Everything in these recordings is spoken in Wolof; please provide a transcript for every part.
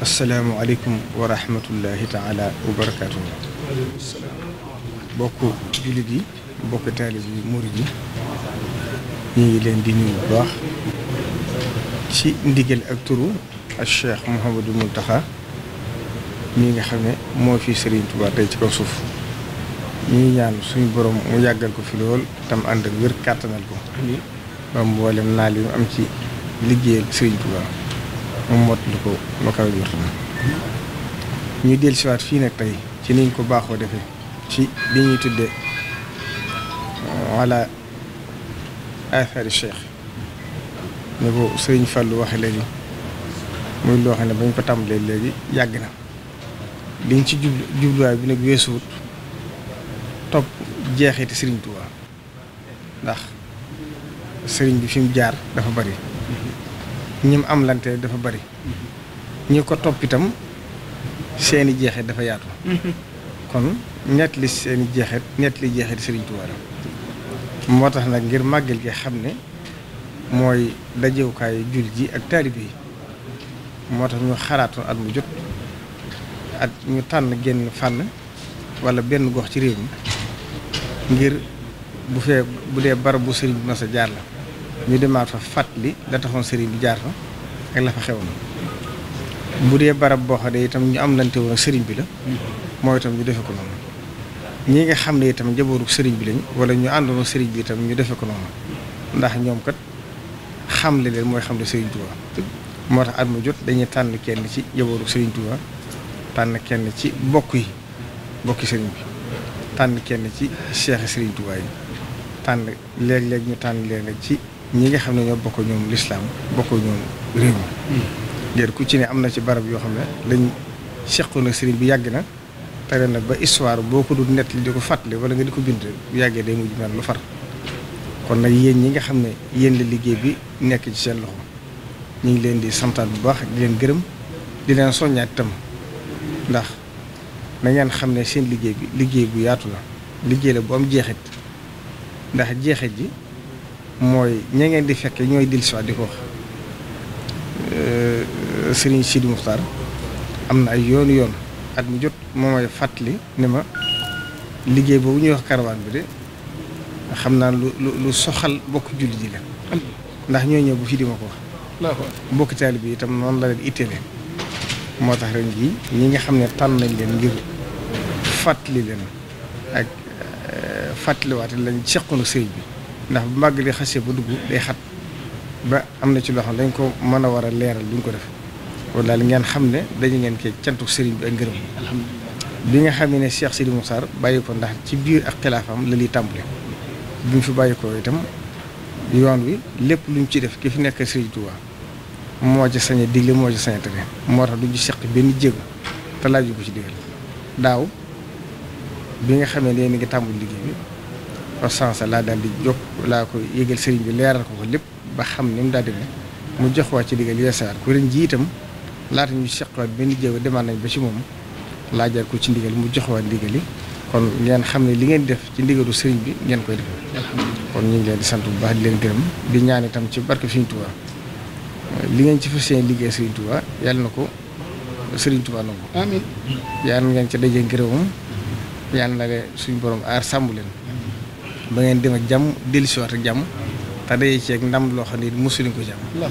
asalaamualeykum alekum rahmatullahi taala wa barakaatu. bokk jullit yi bokk taalib yi murid yi ñu ngi leen di nuyu bu baax ci ndigal ak turu ak Cheikh Mouhamadou Mountakha ñi nga xam ne moo fi Serigne Touba tey ci kaw suuf ñuy ñaan suñu borom mu yàggal ko fi lool tam ànd ak wér kàttanal ko ba mboolem naa li mu am ci liggéeyal Serigne Touba moom mottali ko lu kawe jot ñuy dellu siwaat fii nag tey ci niñ ko baaxoo defee ci li ñuy tudde euh, wala athari cheikh ni ko sëriñ Fallou waxe léegi muy loo xam ne bañ ko tàmbalee léegi yàgg na liñ ci jublu bi nag weesuwut topp jeexiti sëriñ Touba ndax sëriñ bi fi mu jaar dafa bari ñim am lante dafa bari ñi ko topp itam seeni jeexit dafa yaatu kon ñett li seeni jeexit ñett li jeexit Sëriñ Tuubaa la moo tax nag ngir màggal gi xam ne mooy dajewukaay jul ji ak taalibe yi moo tax ñu xalaatoon at mu jot at ñu tànn génn fànn wala benn gox ci réew mi ngir bu fee bu dee barab bu sëriñ bi masa jaar la ñu demaat fa fàttali la taxoon sëriñ bi jaar fa ak la fa xewoon bu dee barab boo xam itam ñu am lante woon sëriñ bi la mooy itam ñu defe ko noonu ñi nga xam ne itam jabooru sëriñ bi lañ wala ñu àndoon sëriñ bi itam ñu defe ko noonu ndax ñoom kat xam le leen mooy xam le sëriñ Touba moo tax at mu jot dañuy tànn kenn ci jabooru sëriñ Touba tànn kenn ci bokk yi bokki sëriñ bi tànn kenn ci cheikh sëriñ Touba yi tànn léeg-léeg ñu tànn leen ci ñi nga xam ne ñoo bokk ñoom lislaam bokk ñoom réew mi hmm. déet ku ci ne am na ci barab yoo xam ne lañ seqoon ak sëriñ bi yàgg na te ren ba histoire boo ko dul net li di ko fàttali wala nga di ko bind bu yàggee day mujj mel lu far kon nag yéen ñi nga xam ne yéen la liggéey bi nekk ci seen loxo ñu ngi leen di santaat bu baax di leen gërëm di leen soññaat itam ndax na ngeen xam ne seen liggéey bi liggéey bu yaatu la liggéey la bu am jeexit ndax jeexit ji mooy ña ngeen di fekkee ñooy dil si di ko wax euh, Serigne Sidi Muxtaar am na ay yoonu yoon at mu jot moo may fàttali ne ma liggéey boobu ñuy wax caravane bi de xam naa lu lu soxal bokk julli ji la ndax ñoo ñëw bu fi di ma ko wax bokk taalibe bi itam noonu la leen itteele moo tax ren jii ñi nga xam ne tànn nañ leen ngir fàttli leen ak euh, fàttaliwaate lañ seqoon ak sëriñ bi ndax bu màgg li xasee ba dugg day xat ba am na ci loo xam dañ ko mën a war a leeral duñ ko def wala daal ngeen xam ne dañu ngeen koy cantuk sëriñ bi ak ngërëm bi nga xam ne Cheikh Sidi Moussa bàyyi ko ndax ci biir ak xilaafam la liy tàmbale bi mu fi bàyyi ko itam yoon wi lépp lu ñu def ki fi nekk sëriñ Touba moo ci sañ a digle moo ci sañ a seq benn jéego te laaj ko ci digal daaw bi nga xam ne yéen a ngi tàmbali liggéey constance laa daal di jóg laa ko yëgal sëriñ bi leeral ko ko lépp ba xam ni mu daal di mu jox waa ci digal yeesawaat ko ren ji itam laata ñu seqwaat benn jéego demaat nañ ba ci moom laajaat ko ci ndigal mu jox waat ndigal kon ngeen xam ne li ngeen def ci ndigalu sëriñ bi ngeen koy def kon ñu ngi leen di sant bu baax di leen gërëm di ñaan itam ci barke Sëriñ Tuuba li ngeen ci fas yéene liggéey Sëriñ Tuuba yàlla na ko Sëriñ Tuuba nangu amiin ngeen ci daje ngërëmam yàlla na leen suñu borom aar sàmm leen ba ngeen dem ak jàmm dellusiwaat ak jàmm te day ceeg ndam loo xam ne mosuñu ko ci am. ñu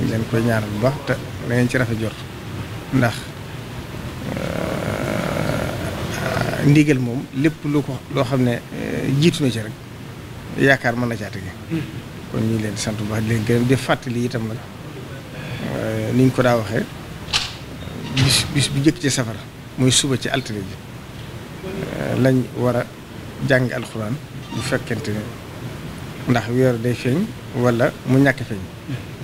ngi leen koy ñaanal bu baax te da ngeen ci rafe jot ndax euh, ndigal moom lépp lu ko loo xam ne euh, jiitu na ci rek yaakaar mën na caa tege kon ñu ngi leen sant bu baax di leen gërëm di fàttali itam nag euh, ni ñu ko daa waxee bis bis bu njëkk ci safara muy suba ci altine ji lañ war jàng alxuraan bu fekkente ne ndax weer day feeñ wala mu ñàkk feeñ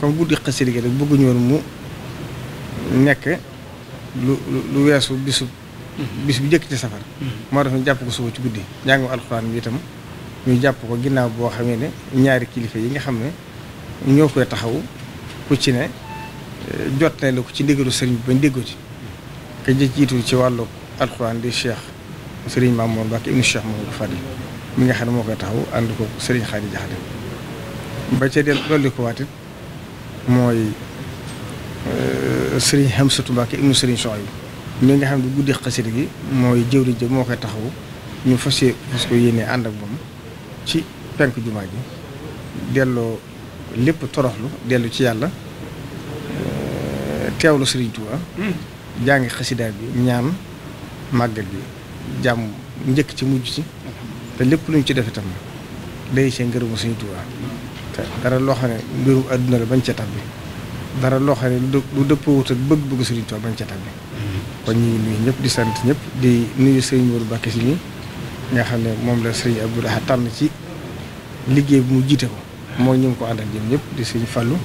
comme guddi xasida bëgguñu woon mu nekk lu lu weesu bisu bis bu jëkk ci safar moo tax ñu jàpp ko suba ci guddi jàngu alxuraan bi itam ñu jàpp ko ginnaaw boo xamee ne ñaari kilifa yi nga xam ne ñoo koy taxaw ku ci ne eh, jot na la ko ci ndigalu sëriñ bi bañ déggoo ci ka jiitu ci wàllu alxuraan di cheikh Serigne Mamour Mbacke ibnu Cheikh Mamadou Fadil mi nga xam ne moo koy taxaw ànd ko Serigne Khady Diakhaté ba ca del dolli ko waat it mooy euh, Serigne Hamsatou Mbacke ibnu Serigne Souhaïbou mi nga xam ne guddi xasida gi mooy jëwriñ ji moo koy taxaw ñu fas fas ko yéenee ànd ak moom ci penk jumaa ji delloo lépp toroxlu dellu ci yàlla euh, teewlu Serigne Touba hmm. jàngi xasidaat bi ñaan màggal bi jàmm njëkk ci mujj ci te lépp luñ ci def itam day see ngërëmu Sëriñ Tuubaa te dara loo xam ne mbirum àdduna la bañ ca tabbi dara loo xam ne lu dëppoo wut ak bëgg-bëgg Sëriñ Tuubaa bañ ca tabbi kon ñu ngi nuyu ñëpp di sant ñëpp di nuyu Sëriñ Moodu Mbàkke nii nga xam ne moom la Sëriñ Abdou Lahad ci liggéey bi mu jiite ko moo ñu ngi ko àndal jëm ñëpp di Sëriñ Fàllu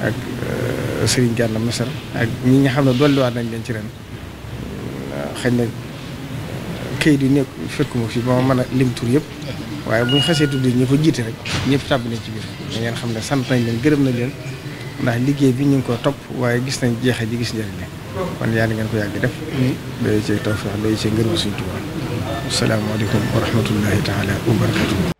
ak euh, Sëriñ Gànna Mesar ak ñi nga xam ne dolliwaat nañ leen ci ren xëy na këyit yi nekk fekkuma fi ba ma mën a lim tur yëpp waaye bu ñu xasee tudd ñi ko jiite rek ñëpp tàbb nañ ci biir da ngeen xam ne sant nañ leen gërëm na leen ndax liggéey bi ñu ngi ko topp waaye gis nañ jeexe ji gis njëriñ li kon yàlla ngeen ko yàgg def doy cee tawfeex doy cee ngërëm suñu Tuubaa asalaamaaleykum wa rahmatullahi taala wa barakatuh